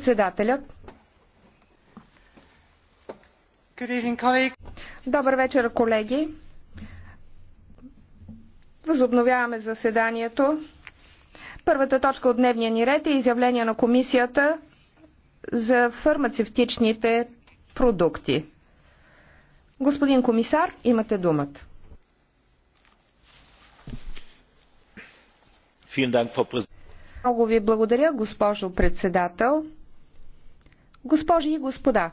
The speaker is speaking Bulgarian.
Председателят. Добър вечер, колеги. Възобновяваме заседанието. Първата точка от дневния ни ред е изявление на комисията за фармацевтичните продукти. Господин комисар, имате думата. Много ви благодаря, госпожо председател. Госпожи и господа,